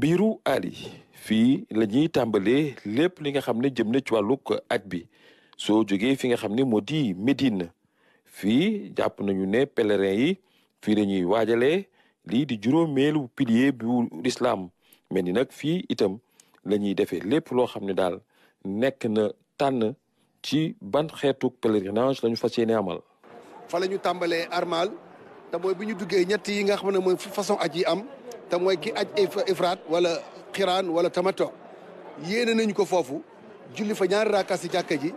biiru Ali fii la ñuy tàmbalee lépp li nga xam ne jëm na ci wàllug at bi soo jógee fi nga xam ne moo di Médine fii jàpp nañu ne pèlerin yi fii lañuy ñuy waajalee lii di juróomeelu pilier bu lislaam mel ni nag fii itam lañuy ñuy defee lépp loo xam ne daal nekk na tànn ci ban xeetu pèlerinage lañu fas yéene amal. fa ñu tàmbalee armal te mooy bu ñu duggee ñetti yi nga xam ne mooy façon aj yi am te ki aj ifraat wala xiraan wala tamato yéene nañu ko foofu julli fa ñaari raaka si jàkka ji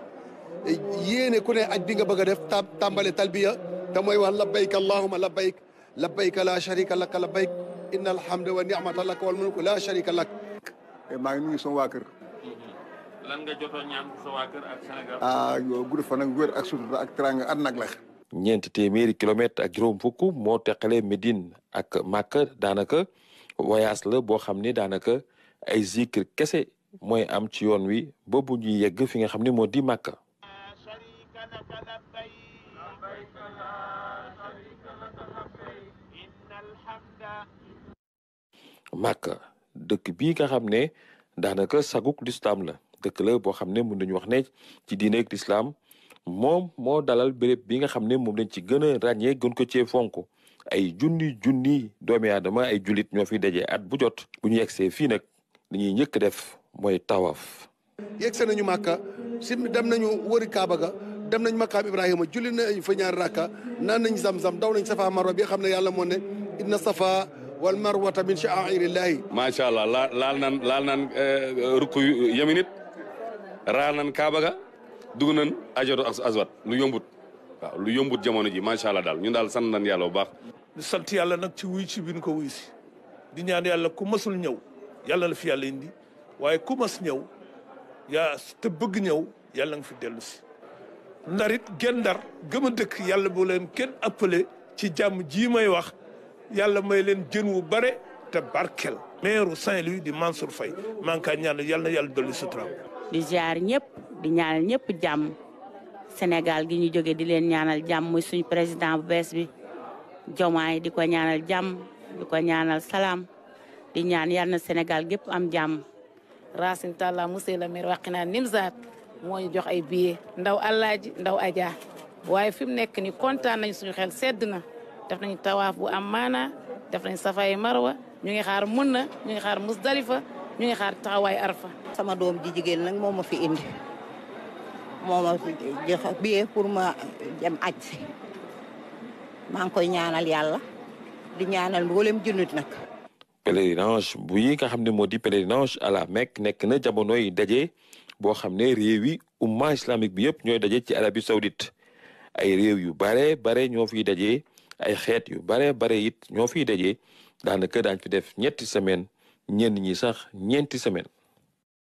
yéene ku ne aj bi nga bëgg a def ta tàmbale talbiya te wax labbayk allahuma labbayk labbayk la sharika lak labbayk inna alhamda wa ni'mata lak wal mulku la sharika lak maa ngi nuyu sama waa kër lan nga jotoon ñaan sa waa kër ak Sénégal ah gudd fan ak wér ak sutura ak teranga at nag ñeent téeméeri kilomètre ak juróom fukk moo teqale Médine ak Makka daanaka voyage la boo xam ne daanaka ay zikr kese mooy am ci yoon wi ba bu yegg fi nga xam ni moo di Makka. Makka dëkk bii nga xam ne daanaka saguk lislaam la dëkk la boo xam ne mën nañu wax ne ci diineeg lislaam moom moo dalal béréb bi nga xam ne moom lañ ci gën a ràññee gën ko ci fonk ay junni junni doomi aadama ay jullit ñoo fi dajee at bu jot bu ñu yegsee fii nag li ñuy njëkk def mooy tawaf yegse nañu màkka si dem nañu wëri kaaba ga dem nañ makaam ibrahima julli nañ fa ñaari rakka naan nañ sam sam daw nañ safa marwa bi xam ne yàlla moo ne inna safa wal marwata min sha'airillahi macha allah laal nan laal nan eh, rukk yaminit raal nan kaaba ga dugg nañ ajaru ak aswat lu yombut waaw lu yombut jamono ji macha allah daal ñun daal sant nañ yàlla bu baax. sant yàlla nag ci wuy ci bi ñu ko wuy si di ñaan yàlla ku masul ñëw yàlla la fi yàlla indi waaye ku mas ñëw yaa te bëgg ñëw yàlla nga fi dellu si. ndar it ndar gëm dëkk yàlla bu leen kenn appelé ci jàmm ji may wax yàlla may leen jën wu bare. te barkel maire Saint-Louis di Mansour Faye maa ngi yal na yàlla dolli sutura di ziar ñëpp di ñaanal ñëpp jàmm Sénégal gi ñu joge di leen ñaanal jàmm muy suñu président bu bees bi Diomaye di ko ñaanal jàmm di ko ñaanal salaam di ñaan yal na Sénégal gépp am jàmm Racine Talla monsieur le maire waqi naa nimsaat moo ñu jox ay billets ndaw Alaaji ndaw Adja waaye fi mu nekk ni kontaan nañ suñu xel sedd na def nañ tawaaf bu am maana def nañ safayi marwa ñu ngi xaar mun na ñu ngi xaar musdalifa ñu ngi xaar taxawaay arfa sama doom ji jigéen nag moom ma fi indi moo ma fi pour ma dem aj si maa ngi koy ñaanal yàlla di ñaanal mboolem junnit nag pèlerinage bu yi nga xam ne moo di pèlerinage à la nekk na jamonoy daje boo xam ne réew yi islamique bi yëpp ñooy daje ci Arabie Saoudite ay réew yu bare bare ñoo fiy daje ay xeet yu bare bare it ñoo fiy dajee daanaka daañ fi def ñetti semaine ñenn ñi sax ñeenti semaine